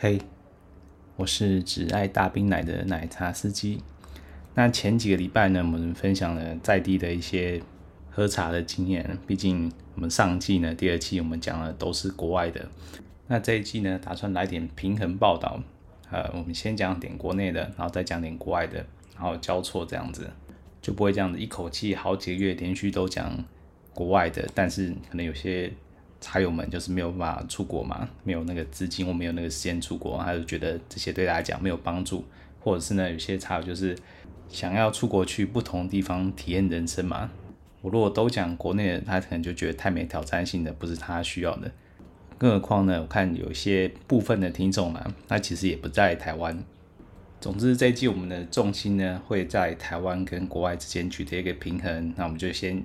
嘿、Hey，我是只愛大冰奶的奶茶司機。那前幾個禮拜呢，我們分享了在地的一些喝茶的經驗。畢竟我們上季呢，第二期我們講的都是國外的。那這一季呢，打算來點平衡報道。呃，我們先講點國內的，然後再講點國外的，然後交錯這樣子，就不會這樣子一口氣好幾個月連續都講國外的，但是可能有些。茶友們就是沒有辦法出國嘛，沒有那個資金，我沒有那個時間出國，他就覺得這些對他來講沒有幫助，或者是呢，有些茶友就是想要出國去不同地方體驗人生嘛。我如果都講國內的，他可能就覺得太沒挑戰性的，不是他需要的。更何況呢，我看有些部分的聽眾嘛，他其實也不在台灣。總之，這一季我們的重心呢會在台灣跟國外之間取得一個平衡。那我們就先。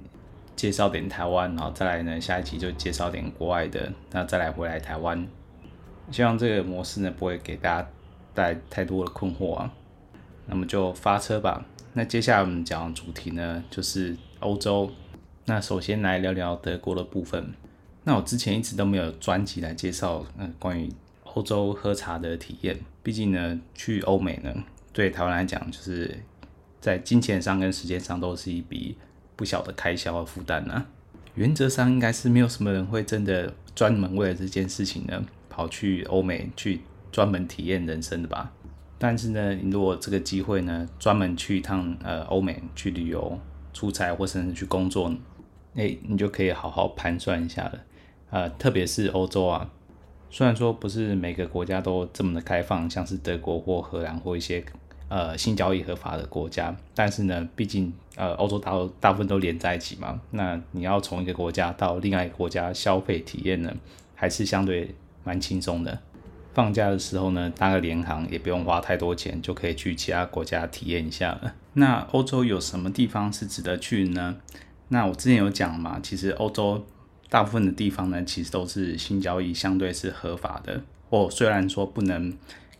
介紹點台灣，然後再來呢，下一集就介紹點國外的，那再來回來台灣，希望這個模式呢不會給大家帶來太多的困惑啊。那麼就發車吧。那接下來我們講的主題呢就是歐洲。那首先來聊聊德國的部分。那我之前一直都沒有專輯來介紹嗯、呃、關於歐洲喝茶的體驗，畢竟呢去歐美呢對台灣來講就是在金錢上跟時間上都是一筆。不小的開銷和負擔呢，啊。原則上應該是沒有什麼人會真的專門為了這件事情呢跑去歐美去專門體驗人生的吧。但是呢，如果這個機會呢專門去一趟呃歐美去旅遊、出差或甚至去工作，哎，你就可以好好盤算一下了。呃，特別是歐洲啊，雖然說不是每個國家都這麼的開放，像是德國或荷蘭或一些。呃，性交易合法的國家，但是呢，畢竟呃，歐洲大大部分都連在一起嘛，那你要從一個國家到另外一個國家消費體驗呢，還是相對蠻輕鬆的。放假的時候呢，搭個廉航也不用花太多錢，就可以去其他國家體驗一下了。那歐洲有什麼地方是值得去呢？那我之前有講嘛，其實歐洲大部分的地方呢，其實都是性交易相對是合法的，或、哦、雖然說不能。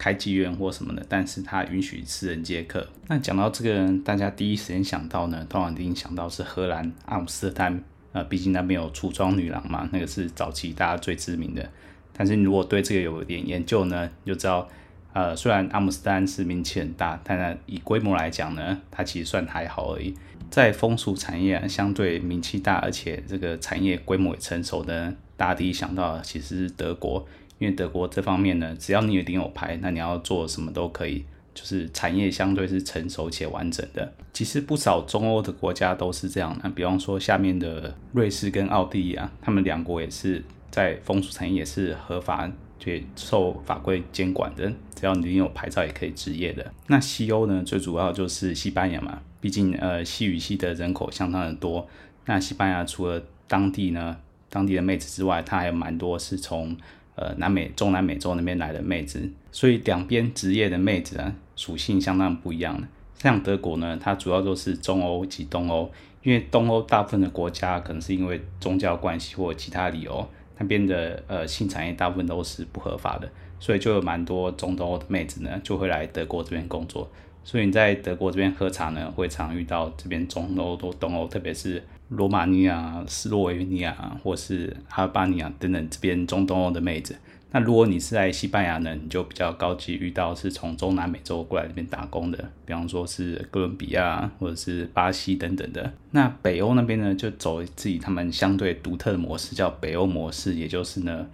開妓院或什麼的，但是他允許私人接客。那講到這個，大家第一時間想到呢，當然一定想到是荷蘭阿姆斯特丹，呃，畢竟那邊有櫥窗女郎嘛，那個是早期大家最知名的。但是你如果對這個有一點研究呢，你就知道，呃，雖然阿姆斯特丹是名氣很大，但是以規模來講呢，它其實算還好而已。在風俗產業、啊、相對名氣大，而且這個產業規模也成熟的，大家第一想到其實是德國。因為德國這方面呢，只要你有領有牌，那你要做什麼都可以，就是產業相對是成熟且完整的。其實不少中歐的國家都是這樣，那、啊、比方說下面的瑞士跟奧地利啊，他們兩國也是在風俗層也是合法且、就是、受法規監管的，只要你有牌照也可以執業的。那西歐呢，最主要就是西班牙嘛，畢竟呃西語系的人口相當的多。那西班牙除了當地呢，當地的妹子之外，它還有蠻多是從呃，南美、中南美洲那邊來的妹子，所以兩邊職業的妹子啊，屬性相當不一樣。像德國呢，它主要就是中歐及東歐，因為東歐大部分的國家可能是因為宗教關係或其他理由，那邊的呃性產業大部分都是不合法的，所以就有蠻多中東歐的妹子呢，就會來德國這邊工作。所以你在德國這邊喝茶呢，會常遇到這邊中歐或東歐，特別是羅馬尼亞、斯洛維尼亞或是阿爾巴尼亞等等這邊中東歐的妹子。那如果你是在西班牙呢，你就比較高級遇到是從中南美洲過來這邊打工的，比方說是哥倫比亞或者是巴西等等的。那北歐那邊呢，就走自己他們相對獨特的模式，叫北歐模式，也就是呢，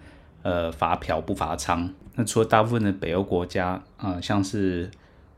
呃，罰嫖不罰娼。那除了大部分的北歐國家啊，呃，像是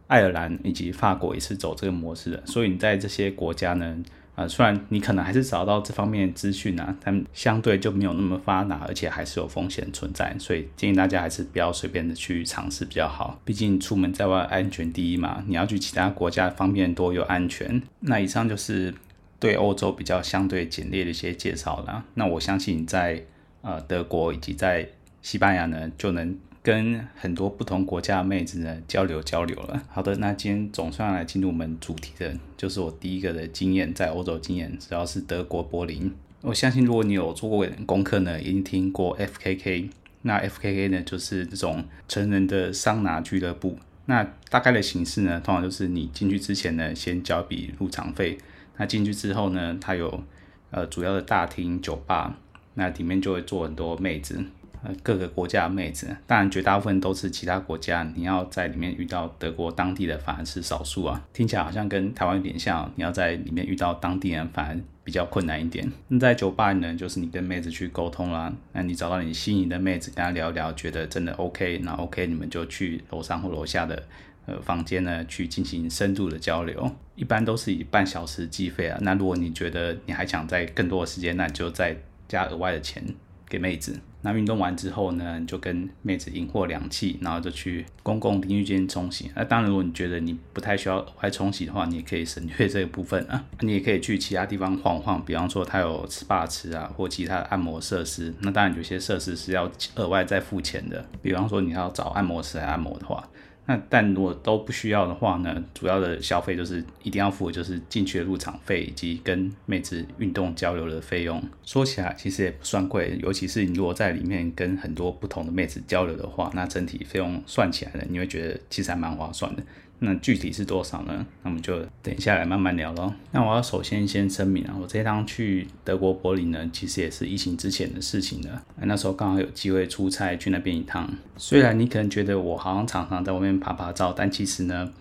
愛爾蘭以及法國也是走這個模式的，所以你在這些國家呢。啊、呃，雖然你可能還是找到這方面的資訊啊，但相對就沒有那麼發達，而且還是有風險存在，所以建議大家還是不要隨便的去嘗試比較好。畢竟出門在外，安全第一嘛。你要去其他國家，方便多又安全。那以上就是對歐洲比較相對簡略的一些介紹啦、啊，那我相信在呃德國以及在西班牙呢，就能。跟很多不同國家的妹子呢交流交流了。好的，那今天總算來進入我們主題的，就是我第一個的經驗，在歐洲經驗主要是德國柏林。我相信如果你有做過功課呢，一定聽過 FKK。那 FKK 呢，就是這種成人的桑拿俱樂部。那大概的形式呢，通常就是你進去之前呢，先交筆入場費。那進去之後呢，它有呃主要的大廳、酒吧，那裡面就會坐很多妹子。呃，各個國家的妹子，當然絕大部分都是其他國家，你要在裡面遇到德國當地的,反而是少數啊。聽起來好像跟台灣有點像，你要在裡面遇到當地人，反而比較困難一點。那在酒吧呢，就是你跟妹子去溝通啦，那你找到你心儀的妹子，跟她聊一聊，覺得真的 OK，那 OK，你們就去樓上或樓下的呃房間呢，去進行深度的交流，一般都是以半小時計費啊。那如果你覺得你還想在更多的時間，那你就再加額外的錢給妹子。那運動完之後呢，你就跟妹子飲貨兩氣，然後就去公共淋浴間沖洗。那當然，如果你覺得你不太需要額外沖洗的話，你也可以省略這一部分啊。你也可以去其他地方晃晃，比方說它有 SPA 池啊，或其他按摩設施。那當然，有些設施是要額外再付錢的，比方說你要找按摩師來按摩的話。那但如果都不需要的話呢？主要的消費就是一定要付的，就是進去的入場費以及跟妹子運動交流的費用。說起來其實也不算貴，尤其是你如果在裡面跟很多不同的妹子交流的話，那整體費用算起來了，你會覺得其實還蠻划算的。那具體是多少呢？那我們就等一下來慢慢聊嘍。那我要首先先聲明啊，我這一趟去德國柏林呢，其實也是疫情之前的事情了。那時候剛好有機會出差去那邊一趟。雖然你可能覺得我好像常常在外面拍拍照，但其實呢，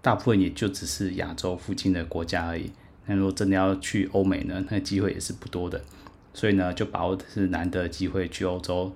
大部分也就只是亞洲附近的國家而已。那如果真的要去歐美呢，那機會也是不多的。所以呢，就把握的是難得的機會去歐洲。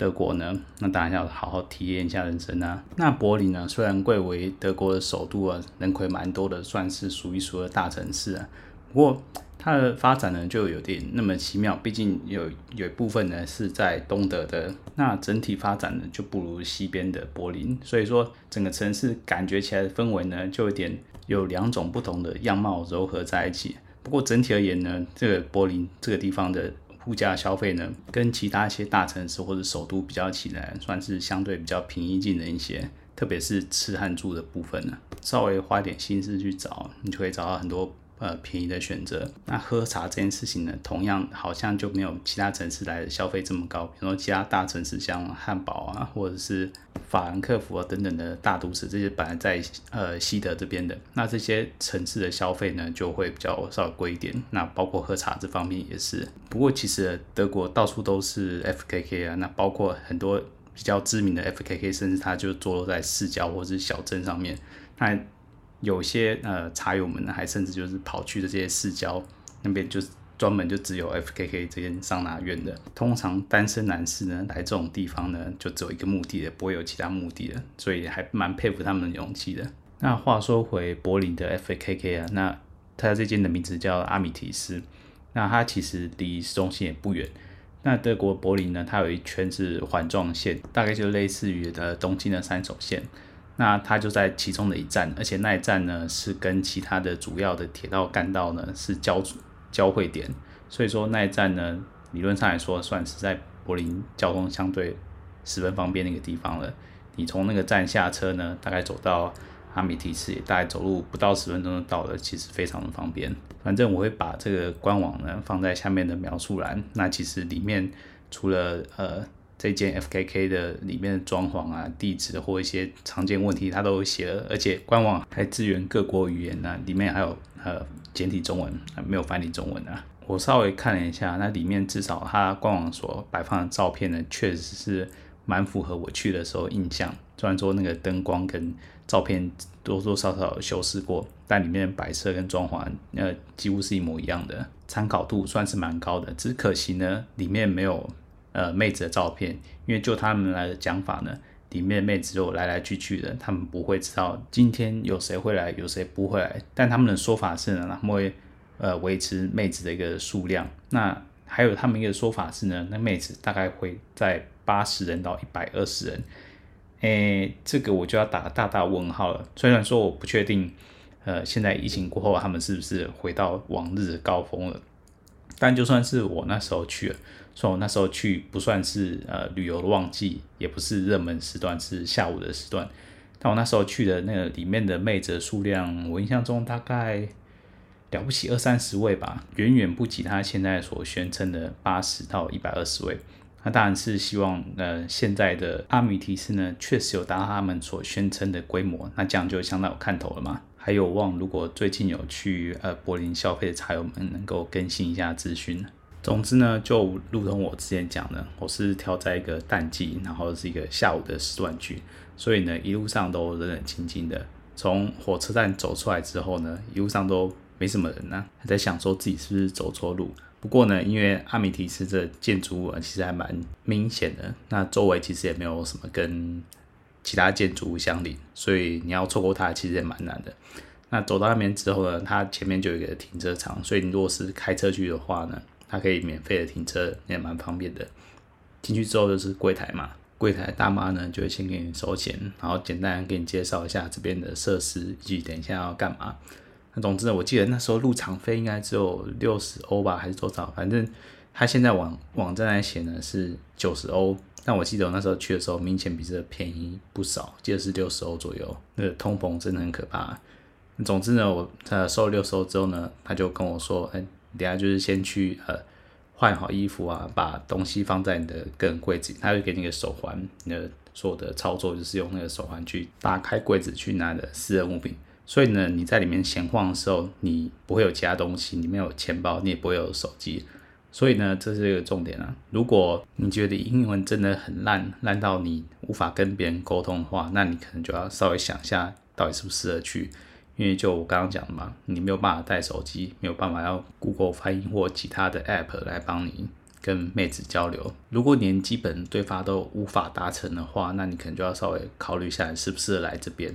德國呢，那當然要好好體驗一下人生啊。那柏林呢，啊，雖然貴為德國的首都啊，人口蠻多的，算是數一數二的大城市啊。不過它的發展呢，就有點那麼奇妙，畢竟有有一部分呢是在東德的，那整體發展呢就不如西邊的柏林，所以說整個城市感覺起來的氛圍呢，就有點有兩種不同的樣貌糅合在一起。不過整體而言呢，這個柏林這個地方的。物價消費呢，跟其他一些大城市或者首都比較起來，算是相對比較平易近人一些，特別是吃和住的部分呢，啊，稍微花點心思去找，你就可以找到很多。呃，便宜的選擇。那喝茶這件事情呢，同樣好像就沒有其他城市來的消費這麼高。比如說其他大城市像漢堡啊，或者是法蘭克福啊等等的大都市，這些本來在呃西德這邊的，那這些城市的消費呢就會比較稍微貴一點。那包括喝茶這方面也是。不過其實德國到處都是 FKK 啊，那包括很多比較知名的 FKK，甚至它就坐落在市郊或者是小鎮上面。那有些呃茶友們呢，還甚至就是跑去的這些市郊那邊，就是專門就只有 FKK 這間桑拿院的。通常單身男士呢來這種地方呢，就只有一個目的的，不會有其他目的的，所以還蠻佩服他們的勇氣的。那話說回柏林的 FKK 啊，那它這間的名字叫阿米提斯，那它其實離市中心也不遠。那德國柏林呢，它有一圈是環狀線，大概就類似於的東京的山手線。那它就在其中的一站，而且那一站呢是跟其他的主要的鐵道幹道呢是交交匯點，所以說那一站呢理論上來說算是在柏林交通相對十分方便的一個地方了。你從那個站下車呢，大概走到阿米提斯也大概走路不到十分鐘就到了，其實非常的方便。反正我會把這個官網呢放在下面的描述欄。那其實裡面除了呃。這間 FKK 的裡面的裝潢啊、地址或一些常見問題，它都寫了，而且官網還支援各國語言呢、啊。裡面還有呃簡體中文，啊、沒有繁體中文啊。我稍微看了一下，那裡面至少它官網所擺放的照片呢，確實是蠻符合我去的時候印象。雖然說那個燈光跟照片多多少少修飾過，但裡面的擺設跟裝潢呃幾乎是一模一樣的，參考度算是蠻高的。只可惜呢，裡面沒有。呃，妹子的照片，因為就他們來的講法呢，裡面的妹子就來來去去的，他們不會知道今天有誰會來，有誰不會來。但他們的說法是呢，他們會呃維持妹子的一個數量。那還有他們一個說法是呢，那妹子大概會在八十人到一百二十人。欸，這個我就要打大大問號了。雖然說我不確定，呃，現在疫情過後他們是不是回到往日的高峰了，但就算是我那時候去了。所以我那時候去，不算是呃旅遊的旺季，也不是熱門時段，是下午的時段。但我那時候去的那個裡面的妹子數量，我印象中大概了不起二三十位吧，遠遠不及他現在所宣稱的八十到一百二十位。那當然是希望呃現在的阿米提斯呢，確實有達到他，他們所宣稱的規模，那這樣就相當有看頭了嘛。還有望如果最近有去呃柏林消費的茶友們，能夠更新一下資訊。總之呢，就如同我之前講的，我是挑在一個淡季，然後是一個下午的時段去，所以呢，一路上都冷冷清清的。從火車站走出來之後呢，一路上都沒什麼人呢、啊，還在想說自己是不是走錯路。不過呢，因為阿米提斯這建築物呢，其實還蠻明顯的，那周圍其實也沒有什麼跟其他建築物相鄰，所以你要錯過它其實也蠻難的。那走到那邊之後呢，它前面就有一個停車場，所以你如果是開車去的話呢，它可以免費的停車，也蠻方便的。進去之後就是櫃檯嘛，櫃檯大媽呢就會先給你收錢，然後簡單給你介紹一下這邊的設施以及等一下要幹嘛。那總之呢，我記得那時候入場費應該只有六十歐吧，還是多少？反正他現在網網站來寫呢是九十歐，但我記得我那時候去的時候明顯比這便宜不少，記得是六十歐左右。那個通膨真的很可怕。那總之呢，我他收了六十歐之後呢，他就跟我說，哎、欸。等下就是先去呃換好衣服啊，把東西放在你的個人櫃子裡，他會給你個手環，你的所有的操作就是用那個手環去打開櫃子去拿的私人物品，所以呢你在裡面閒晃的時候，你不會有其他東西，你沒有錢包你也不會有手機，所以呢這是一個重點啊。如果你覺得英文真的很爛，爛到你無法跟別人溝通的話，那你可能就要稍微想一下，到底適不適合去。因為就我剛剛講的嘛，你沒有辦法帶手機，沒有辦法要 Google 翻譯或其他的 App 來幫你跟妹子交流。如果你連基本對話都無法達成的話，那你可能就要稍微考慮一下是不是來這邊？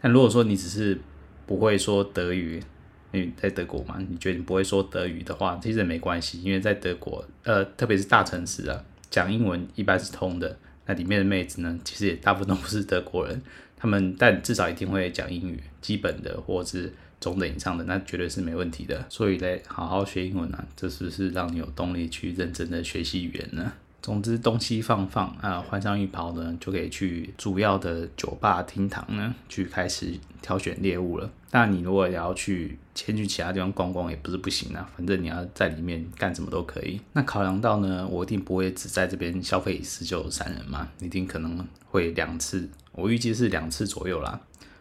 但如果說你只是不會說德語，因為在德國嘛，你覺得你不會說德語的話，其實也沒關係，因為在德國，呃，特別是大城市啊，講英文一般是通的。那裡面的妹子呢，其實也大部分都不是德國人，他們但至少一定會講英語，基本的或是中等以上的，那絕對是沒問題的。所以嘞，好好學英文啊，這是不是讓你有動力去認真的學習語言呢？總之，東西放放啊，換上浴袍呢，就可以去主要的酒吧廳堂呢，去開始挑選獵物了。那你如果也要去先去其他地方逛逛，也不是不行啊。反正你要在裡面幹什麼都可以。那考量到呢，我一定不會只在這邊消費一次就閃人嘛，一定可能會兩次。我預計是兩次左右啦，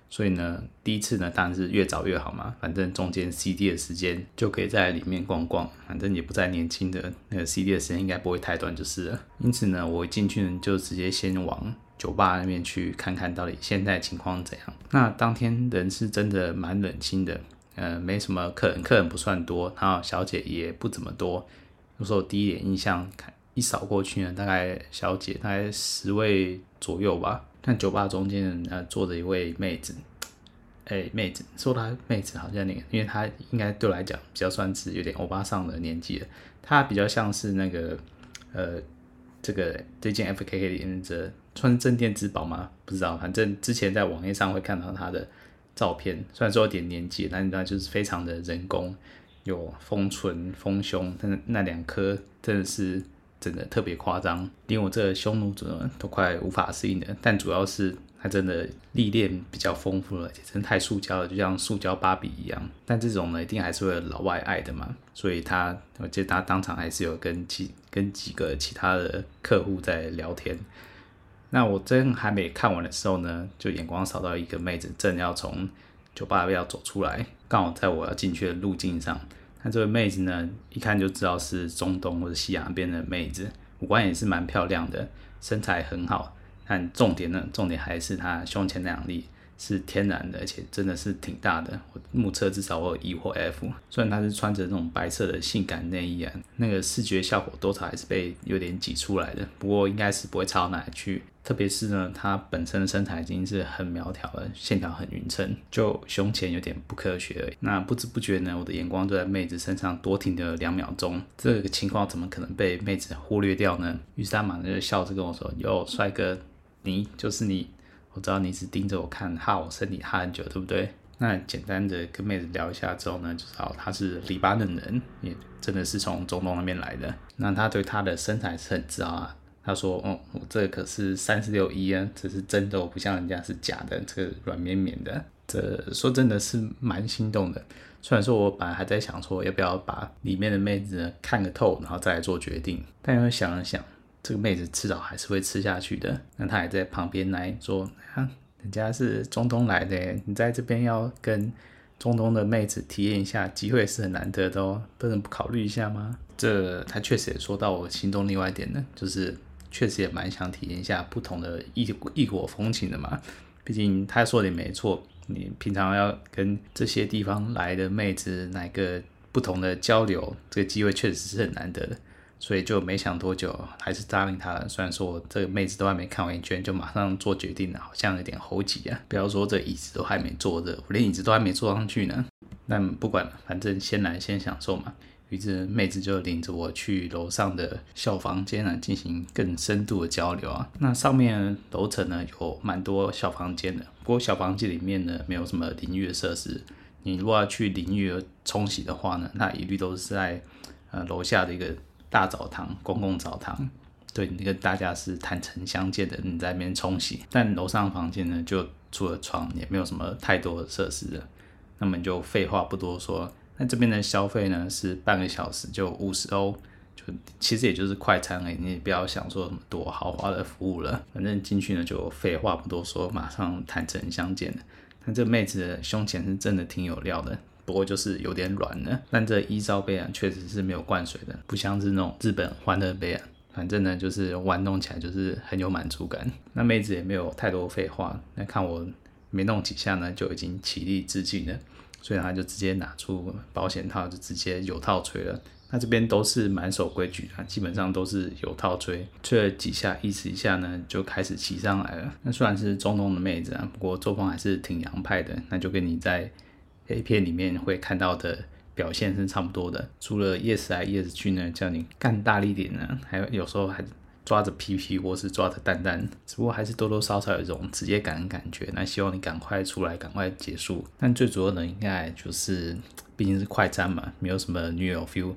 所以呢，第一次呢當然是越早越好嘛，反正中間 CD 的時間就可以在裡面逛逛，反正也不在年輕的那個 CD 的時間應該不會太短就是了。因此呢，我一進去就直接先往酒吧那邊去看看到底現在情況怎樣。那當天人是真的蠻冷清的，呃，沒什麼客人，客人不算多，然後小姐也不怎麼多。有時候第一眼印象看。一掃過去呢，大概小姐大概十位左右吧。看酒吧中間呃，坐着一位妹子，誒、欸，妹子說她妹子好像那個，因為她應該對我來講比較算是有點歐巴桑的年紀了。她比較像是那個呃，這個最近 F K K 的顏值，穿鎮店之寶嗎？不知道，反正之前在網頁上會看到她的照片，雖然說有點年紀，但那就是非常的人工，有豐唇、豐胸，但是那兩顆真的是。真的特別誇張，因為我這個匈奴族人都快無法適應了。但主要是他真的歷練比較豐富了，而且真的太塑膠了，就像塑膠芭比一樣。但這種呢，一定還是為了老外愛的嘛。所以他，我記得他當場還是有跟其跟幾個其他的客戶在聊天。那我真還沒看完的時候呢，就眼光掃到一個妹子正要從酒吧要走出來，剛好在我要進去的路徑上。那這位妹子呢，一看就知道是中東或者西亞那邊的妹子，五官也是蠻漂亮的，身材很好。但重點呢，重點還是她胸前兩粒。是天然的，而且真的是挺大的。我目測至少我有 E 或 F。雖然她是穿着那種白色的性感內衣啊，那個視覺效果多少還是被有點擠出來的。不過應該是不會差到哪裡去，特別是呢，她本身的身材已經是很苗條了，線條很勻稱，就胸前有點不科學而已。那不知不覺呢，我的眼光就在妹子身上多停留了兩秒鐘。這個情況怎麼可能被妹子忽略掉呢？於是她馬上就笑着跟我說：“喲，帥哥，你就是你。”我知道你是盯着我看，哈，我身體哈很久，對不對？那簡單的跟妹子聊一下之後呢，就知道她是黎巴嫩人，也真的是從中東那邊來的。那她對她的身材是很自豪啊，她說，哦、嗯，我這可是三十六一啊，這是真的，我不像人家是假的，這個軟綿綿的，這說真的是蠻心動的。雖然說我本來還在想說，要不要把裡面的妹子呢看個透，然後再來做決定，但又想了想。這個妹子遲早還是會吃下去的，那她也在旁邊來說，看、啊、人家是中東來的，你在這邊要跟中東的妹子體驗一下，機會是很難得的哦，不能不考慮一下嗎？這他確實也說到我心中另外一點呢，就是確實也蠻想體驗一下不同的異異國風情的嘛，畢竟他說的也沒錯，你平常要跟這些地方來的妹子來個不同的交流，這個機會確實是很難得的。所以就沒想多久，還是答應他了。雖然說我這個妹子都還沒看完一圈就馬上做決定了，好像有點猴急啊。不要說這椅子都還沒坐着，我連椅子都還沒坐上去呢。那不管，反正先來先享受嘛。於是妹子就領着我去樓上的小房間啊，進行更深度的交流啊。那上面樓層呢，有蠻多小房間的，不過小房間裡面呢沒有什麼淋浴設施。你如果要去淋浴沖洗的話呢，那一律都是在呃樓下的一個。大澡堂，公共澡堂，對，你跟大家是坦誠相見的，你在那邊沖洗，但樓上房間呢，就除了床也沒有什麼太多的設施了。那麼就廢話不多說，那這邊的消費呢是半個小時就五十歐，就其實也就是快餐而已，你也不要想說什麼多豪華的服務了。反正進去呢就廢話不多說，馬上坦誠相見的。那這妹子的胸前是真的挺有料的。不過就是有點軟了，但這 E 罩杯啊，確實是沒有灌水的，不像是那種日本歡樂杯啊。反正呢就是玩弄起來就是很有滿足感。那妹子也沒有太多廢話，那看我沒弄幾下呢就已經起立致敬了，所以她就直接拿出保險套，就直接有套吹了。那這邊都是蠻守規矩啊，基本上都是有套吹，吹了幾下，意思一下呢就開始騎上來了。那雖然是中東的妹子啊，不過作風還是挺洋派的，那就跟你在。A 片裡面會看到的表現是差不多的，除了 yes 啊 yes 去呢叫你幹大力點呢，啊，還有有時候還抓着屁屁或是抓着蛋蛋，只不過還是多多少少有種直接感感覺。那希望你趕快出來，趕快結束。但最主要呢，應該就是畢竟是快餐嘛，沒有什麼女友 feel，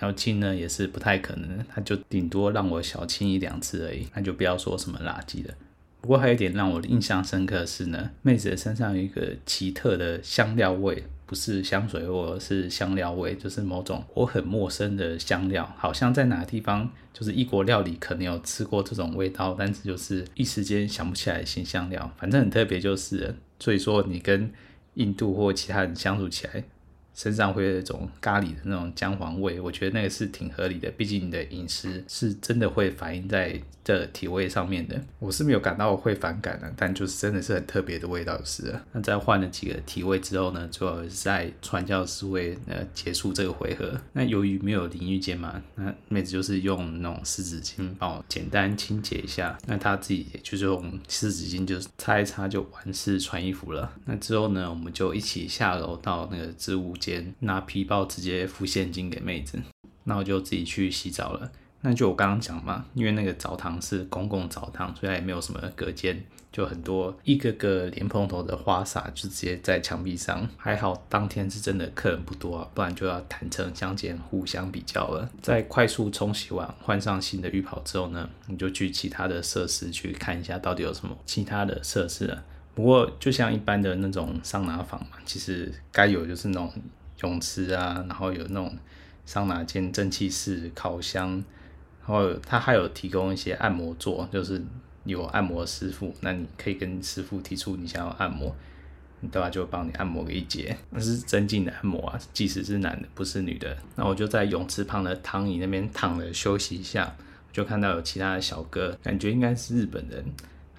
要親呢也是不太可能，他就頂多讓我小親一兩次而已，那就不要說什麼垃圾的。不過還有一點讓我印象深刻的是呢，妹子的身上有一個奇特的香料味，不是香水味，是香料味，就是某種我很陌生的香料，好像在哪個地方就是異國料理可能有吃過這種味道，但是就是一時間想不起來新香料，反正很特別就是，所以說你跟印度或其他人相處起來，身上會有一種咖喱的那種薑黃味，我覺得那個是挺合理的，畢竟你的飲食是真的會反映在這體味上面的。我是沒有感到會反感的、啊，但就是真的是很特別的味道是、啊。那在換了幾個體位之後呢，最後就是在傳教士位呃結束這個回合。那由於沒有淋浴間嘛，那妹子就是用那種濕紙巾幫、嗯、我簡單清潔一下。那她自己也就是用濕紙巾就是擦一擦就完事穿衣服了。那之後呢，我們就一起下樓到那個置物間。拿皮包直接付現金給妹子，那我就自己去洗澡了。那就我剛剛講嘛，因為那個澡堂是公共澡堂，所以它也沒有什麼隔間，就很多一個個蓮蓬頭的花灑，就直接在牆壁上。還好當天是真的客人不多啊，不然就要坦誠相見，互相比較了。在快速沖洗完換上新的浴袍之後呢，你就去其他的設施去看一下到底有什麼其他的設施啊。了。不過就像一般的那種桑拿房嘛，其實該有的就是那種。泳池啊，然後有那種桑拿間、蒸汽室、烤箱，然後它還有提供一些按摩座，就是有按摩師傅，那你可以跟師傅提出你想要按摩，你的話就幫你按摩個一節，那是真正的按摩啊，技師是男的，不是女的。那我就在泳池旁的躺椅那邊躺了休息一下，就看到有其他的小哥，感覺應該是日本人。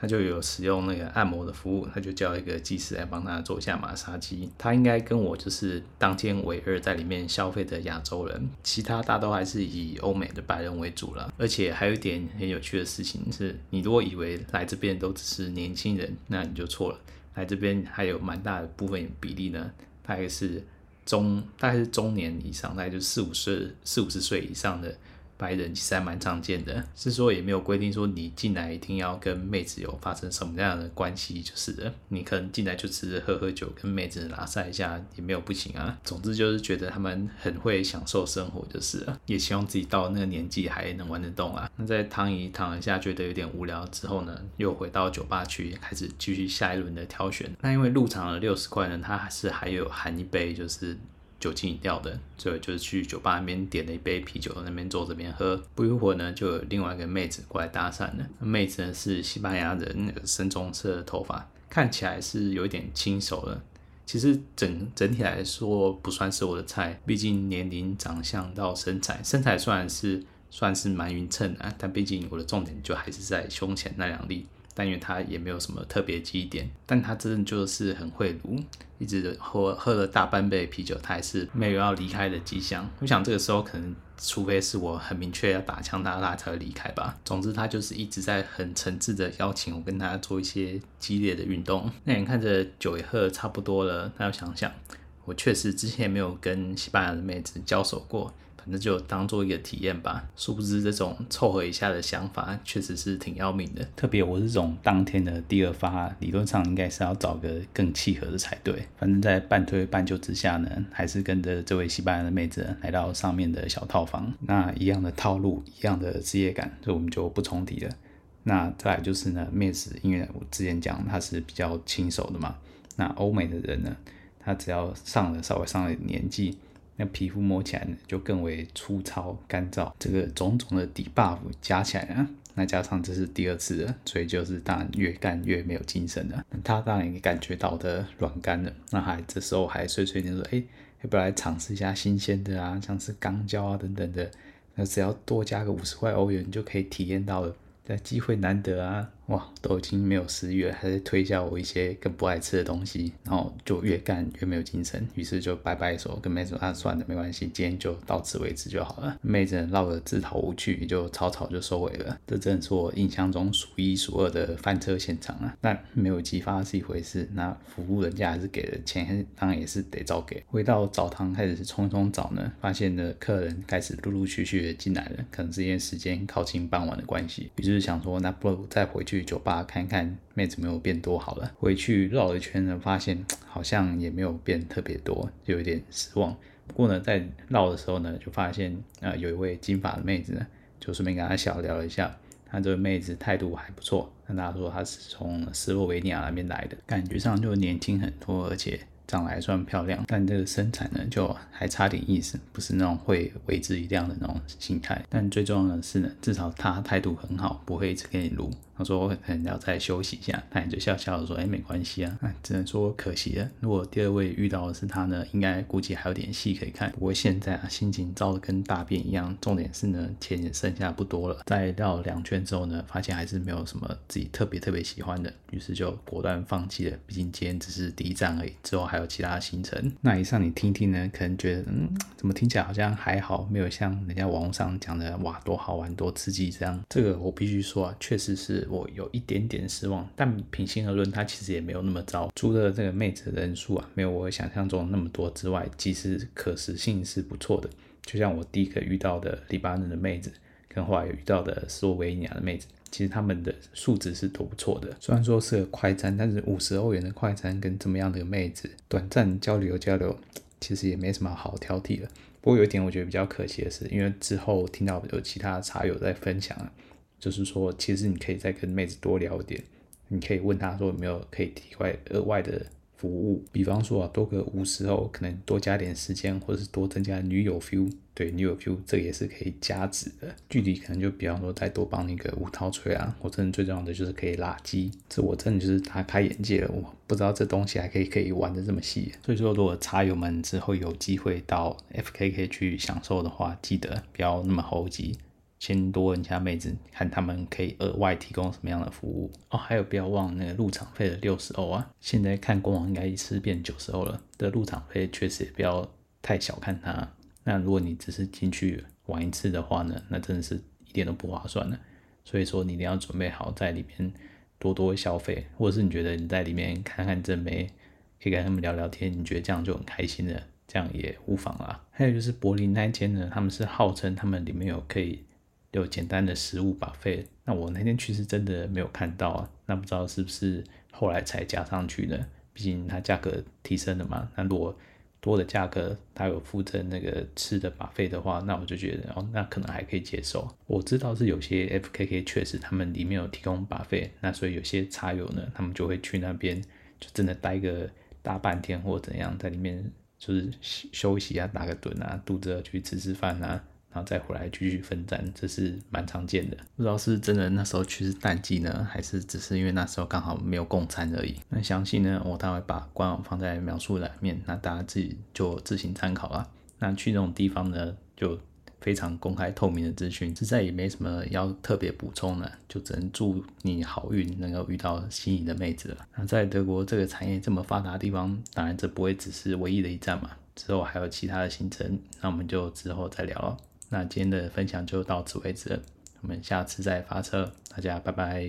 他就有使用那個按摩的服務，他就叫一個技師來幫他做一下馬殺雞。他應該跟我就是當天唯二在裡面消費的亞洲人，其他大都還是以歐美的白人為主啦。而且還有一點很有趣的事情是，你如果以為來這邊都只是年輕人，那你就錯了。來這邊還有蠻大的部分比例呢，大概是中，大概是中年以上，大概就是四五歲、四五十歲以上的。白人其實還蠻常見的，是說也沒有規定說你進來一定要跟妹子有發生什麼樣的關係就是了，你可能進來就吃喝喝酒，跟妹子拉撒一下也沒有不行啊。總之就是覺得他們很會享受生活就是了，也希望自己到那個年紀還能玩得動啊。那在躺椅躺一下覺得有點無聊之後呢，又回到酒吧去開始繼續下一輪的挑選。那因為入場了六十塊呢，他還是還有含一杯就是，酒精飲料的，所以就是去酒吧那邊點了一杯啤酒，那邊坐這邊喝。不一會兒呢，就有另外一個妹子過來搭訕了。妹子呢是西班牙人，那個深棕色的頭髮，看起來是有一點輕熟了。其實整整體來說不算是我的菜，畢竟年齡、長相到身材，身材雖然是算是蠻勻稱啊，但畢竟我的重點就還是在胸前那兩粒。但願他也沒有什麼特別的記憶點，但他真的就是很會擼，一直喝了喝了大半杯啤酒，他還是沒有要離開的跡象。我想這個時候可能，除非是我很明確要打槍，他他才會離開吧。總之，他就是一直在很誠摯的邀請我跟他做一些激烈的運動。那眼看着酒也喝得差不多了，那要想想，我確實之前沒有跟西班牙的妹子交手過。反正就當做一個體驗吧，殊不知這種湊合一下的想法確實是挺要命的。特別我這種當天的第二發，理論上應該是要找個更契合的才對。反正，在半推半就之下呢，還是跟着這位西班牙的妹子來到上面的小套房。那一樣的套路，一樣的職業感，所以我們就不重提了。那再來就是呢，妹子因為我之前講她是比較輕熟的嘛，那歐美的人呢，他只要上了稍微上了年紀。皮膚摸起來就更為粗糙乾燥，這個種種的底 buff 加起來啊，那加上這是第二次了，所以就是當然越乾越沒有精神了。他當然也感覺到的軟乾了，那還這時候還碎碎念說：“哎、欸，要不要來嘗試一下新鮮的啊？像是鋼膠啊等等的，那只要多加個五十塊歐元就可以體驗到了，這機會難得啊！”哇，都已經沒有食慾了，還在推銷我一些更不愛吃的東西，然後就越幹越沒有精神，於是就擺擺手跟妹子說：“算了，沒關係，今天就到此為止就好了。”妹子鬧得自討無趣，也就草草就收尾了。這真是我印象中數一數二的翻車現場啊！但沒有激發是一回事，那服務人家還是給的錢，當然也是得照給。回到澡堂開始是沖一沖澡呢，發現呢客人開始陸陸續續的進來了，可能是因為時間靠近傍晚的關係，於是想說：“那不如再回去。”去酒吧看看妹子沒有變多好了，回去繞一圈呢，發現好像也沒有變特別多，就有點失望。不過呢，在繞的時候呢，就發現呃有一位金髮的妹子，就順便跟她小聊了一下。她這位妹子態度還不錯，跟她說她是從斯洛維尼亞那邊來的，感覺上就年輕很多，而且長得還算漂亮，但這個身材呢就還差點意思，不是那種會為之一亮的那種心態。但最重要的是呢，至少她態度很好，不會一直給你盧。說可能要再休息一下，那你就笑笑的說，哎、欸，沒關係啊，欸，只能說可惜了。如果第二位遇到的是他呢，應該估計還有點戲可以看。不過現在啊，心情糟的跟大便一樣。重點是呢，錢也剩下不多了。再繞兩圈之後呢，發現還是沒有什麼自己特別特別喜歡的，於是就果斷放棄了。畢竟今天只是第一站而已，之後還有其他行程。那以上你聽聽呢，可能覺得嗯，怎麼聽起來好像還好，沒有像人家網絡上講的哇，多好玩，多刺激這樣。這個我必須說，啊，確實是。我有一點點失望，但平心而論，它其實也沒有那麼糟。除了這個妹子的人數啊，沒有我想象中那麼多之外，其實可食性是不錯的。就像我第一個遇到的黎巴嫩的妹子，跟後來遇到的斯洛維尼亞的妹子，其實他們的素質是都不錯的。雖然說是個快餐，但是五十歐元的快餐跟這麼樣的妹子短暫交流交流，其實也沒什麼好挑剔的。不過有一點我覺得比較可惜的是，因為之後聽到有其他茶友在分享啊。就是說，其實你可以再跟妹子多聊一點，你可以問她說有沒有可以提供額外的服務，比方說啊，多個五十後可能多加點時間，或者是多增加女友 feel，對女友 feel 這也是可以加值的。具體可能就比方說再多幫你個無套吹啊，我真的最重要的就是可以拉雞。這我真的就是大開眼界了，我不知道這東西還可以可以玩得這麼細。所以說，如果茶友們之後有機會到 FKK 去享受的話，記得不要那麼猴急。先多問一下妹子，看他們可以額外提供什麼樣的服務哦。還有，不要忘了那個入場費的六十歐啊。現在看官網，應該一次變九十歐了。的入場費確實也不要太小看它。那如果你只是進去玩一次的話呢，那真的是一點都不划算了。所以說，你一定要準備好在裡面多多消費，或者是你覺得你在裡面看看正妹，可以跟他們聊聊天，你覺得這樣就很開心了，這樣也無妨啦。還有就是柏林那一天呢，他們是號稱他們裡面有可以。有簡單的食物 buffet，那我那天去是真的沒有看到啊，那不知道是不是後來才加上去的，畢竟它價格提升了嘛。那如果多的價格它有附贈那個吃的 buffet 的話，那我就覺得哦，那可能還可以接受。我知道是有些 FKK 確實他們裡面有提供 buffet，那所以有些茶友呢，他們就會去那邊就真的待個大半天或怎樣，在裡面就是休息啊，打個盹啊，肚子去吃吃飯啊。然後再回來繼續奮戰，這是蠻常見的。不知道是真的那時候去是淡季呢，還是只是因為那時候剛好沒有供餐而已。那詳細呢，我待會把官網放在描述欄裡面，那大家自己就自行參考啦。那去那種地方呢，就非常公開透明的資訊，實在也沒什麼要特別補充的，就只能祝你好運，能夠遇到心儀的妹子了。那在德國這個產業這麼發達的地方，當然這不會只是唯一的一站嘛，之後還有其他的行程，那我們就之後再聊了。那今天的分享就到此為止了，我們下次再發車，大家拜拜。